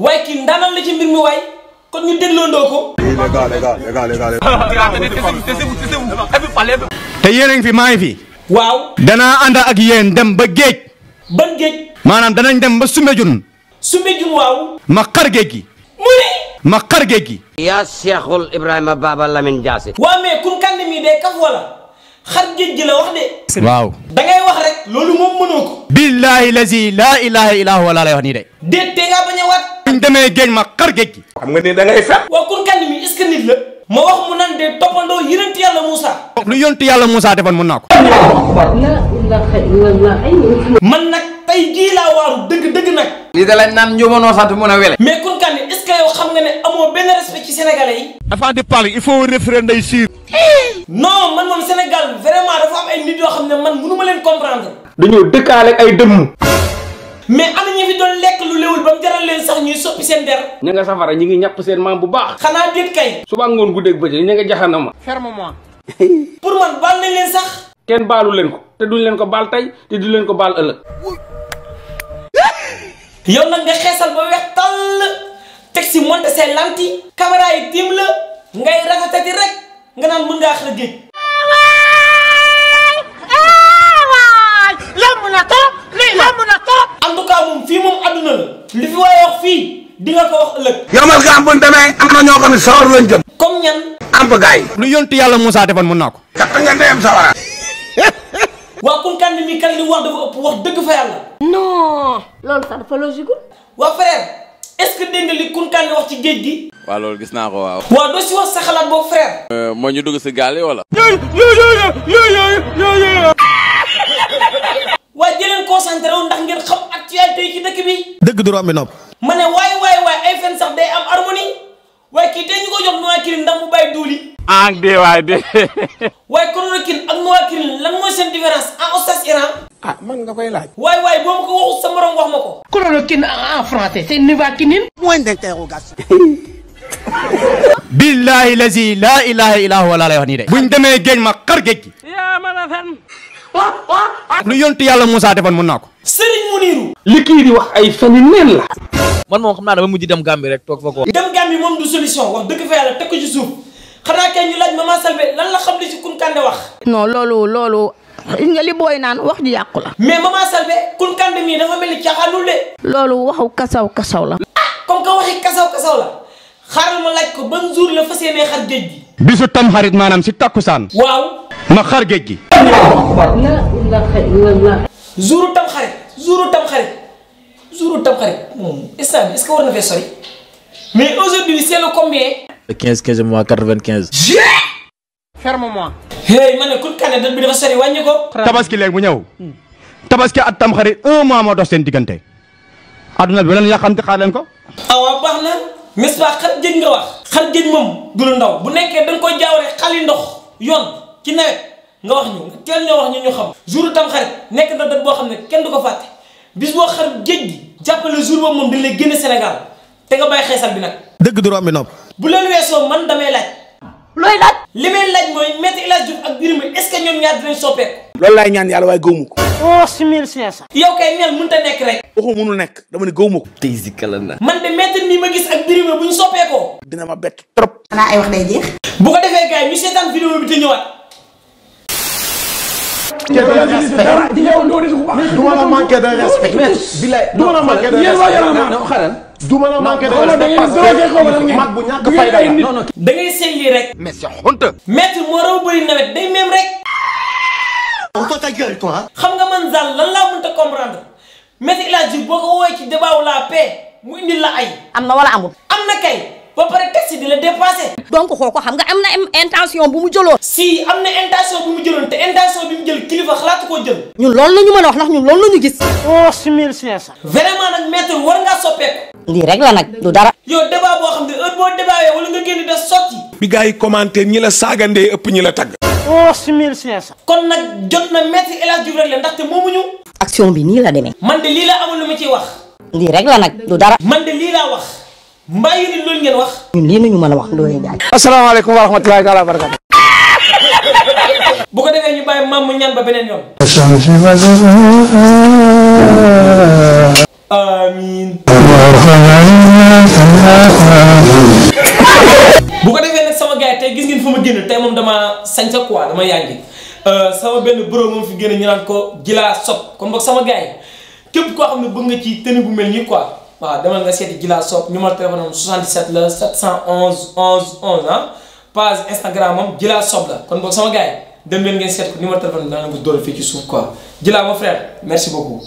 waaye kii ndaanal la ci mbir mi waay kon ñu dégloondoo ko. te yéen a fi maa ngi fi. waaw. danaa ànd ak yéen dem ba géej. ban géej. maanaam danañ dem ba Soumbédioune. Soumbédioune waaw. ma xar géej gi. mu ne. ma xar géej gi. yaa Cheikhul Ibrahima Baba Lamine Diassé. waaw mais kun kànd mi day kaf wala. xar géej gi la wax de. waaw da ngay wax rek. loolu moom mënoo ko. billaahi lazi wax nii de. déet te ngaa bañ a waat. da ngay fen. ma wax mu nan de toppandoo yonent yàlla Moussa. lu yonent yàlla Moussa defoon mën naa ko. man nag tey jii laa waaru dëgg dëgg nag. lii da lañ naan njuumanoo a wele. xam nga ne amoo benn respect ci sénégalais yi. avant de parler il faut référer Ndeye Sire. non man mom Sénégal vraiment dafa am ay nit yo xamné ne man mënu ma leen comprendre. dañoo dëkkaale ay dëmm. mais am ñi fi doon lek lu léwul bam jaral leen sax ñuy soppi seen der. ña nga safara ñi ngi ñàpp seen mam bu baax. xana dit kay. suba ngoon guddeeg bëccëg ña nga jaxanama. ferme-moi. pour man bal nañ leen sax. ken balu leen ko te duñ leen ko bal tay te duñ leen ko bal ëllëg. yow nak nga xéssal ba wéx tal teg si monte say lanti caméra yi tim la ngay rafetati rek nga nan mën nga ko wax yomal am na ñoo sawar lañ jëm comme ñan lu yontu yàlla Moussa defoon mën naa kat nga ndeyam sawara waa kan mi kan li wax dafa ëpp wax dëgg fa yàlla non loolu sax dafa logique frère est-ce que dégg nga wax ci géej gi. waaw loolu gis naa ko waaw. waaw doo si wax sa xalaat boobu frère. Euh, moo ñu dugg si gaal yi wala. waaye jëleen concentré wu ndax ngeen xam actualité yi ci dëkk bi. dëgg du rombi nopp. ma ne waay waay ay fen sax day am harmonie waaye kii tey ñu ko jox noa kii ndax mu bàyyi duuli. ah de waay de. waaye chloroquine ak novalquine lan mooy seen différence en oustaz Iran. ah man nga koy laaj. waay waay boo ma ko waxul sa morom wax ma ko. chloroquine en français c'est novalquine. point d'interrogation. billahi lazi laa ilaha illa huwa laa lay wax nii de. buñ demee ma xar géej yaa ma la fen. lu yontu yàlla Moussa defoon mën naa ko. Serigne Mouniru. li kii di wax ay fan yu la. man moom xam naa dama mujj dem Gambie rek toog fa ko. dem Gambie moom du solution wax dëgg fa suuf. xanaa kay ñu la xam li ci Kounkandé wax. non loolu loolu. gis naan wax ji yàqu la. mais maman Selbé Kounkandé mii dafa mel ni caaxaanul de. loolu waxu la. ah comme que waxi la xaaral ma laaj ko ban jour la fas yéenee xar géej gi. bisu tam maanaam si takkusaan. waaw. ma xar géej gi. jouru tam xarit jouru tam xarit moom instant bi est war na fee sori mais aujourd'hui c'est le le 15 15 mois 95. ferme-moi. hey ma ne ku kane dat bi dafa sori wàññi ko. Hmm. moo dox seen diggante. adduna bi ba leen yàqante xaar ko. awa baax na. misbaa xar géej nga wax. moom bu nekkee da nga koy jaawale xali ndox yoon nga wax ñu teel nekk na dat boo xam kenn du ko fàtte bis boo xar géej Sénégal te nga bàyyi xeesal bi nag. dëgg du romb nopp. bu leen weesoo man damay laaj. loy laaj. limay laaj moy metti El Hadji ak Birima est ce que ñoom ñaar dinañ soppé lool lay ñaan yalla way gëwuma oh 6500 yow kay mel mënut ta nek rek. waxu mënul nek dama ni gëwuma ko. tey si kala na. man de metti mi ma gis ak Birima buñ soppé ko dina ma bet trop. ana ay wax day jeex. bu ko defé gay ñu sétan vidéo bi te ñëwaat. du ma la manquer de respect. Tu ma la de respect. du ma la manqué de mag bu ñàkk fayda la non rek. mais c'est honte. moo raw bëri nawet day même rek. on peut ta gueule toi. xam nga man Zale lan laa mënta comprendre maître El Hadji boo ko woowee ci débat wu la paix mu indi la ay. am na wala amul. am na kay. ba pare test di la dépassé. donc xoko xam nga amna intention bu mu jëlo si amna intention bu mu jëloon te intention bi mu jël kilifa xalat ko jël. ñun lool lañu mëna wax nak ñun lool lañu gis. onze mille vraiment nak maître war nga soppé li rek la nak du dara. yo débat bo xam ne heure boo wala nga génn da sotti. bi gaay commenter ñi la sagandé ëpp ñi la tag onze oh, kon nag jot na maître El Hadj Diouf rek la ndaxte moomuñu. action bi ni la démé man de li la amul lu ma ci wax. li rek la nak du dara. man de li la wax. mbaa yi ni loolu ngeen wax. lii nañu mën a wax Ndoye Ndiaye. asalaamaaleykum wa rahmatulaahi wa barakaatu. bu ko defee ko defee nag sama gars yi tey gis ngeen fu ma génn tey moom dama sañ sa quoi dama yàngi euh, sama benn bro moom fi génn ñu naan ko Jila Sob kon boog sama gars yi képp koo xam nga ci tenue bu mel nii quoi. Voilà, demal nga de Gila numéro téléphone 77 711 11 11 Instagram am Gila sob vous gars vous ngeen numéro téléphone quoi Gila mon frère merci beaucoup.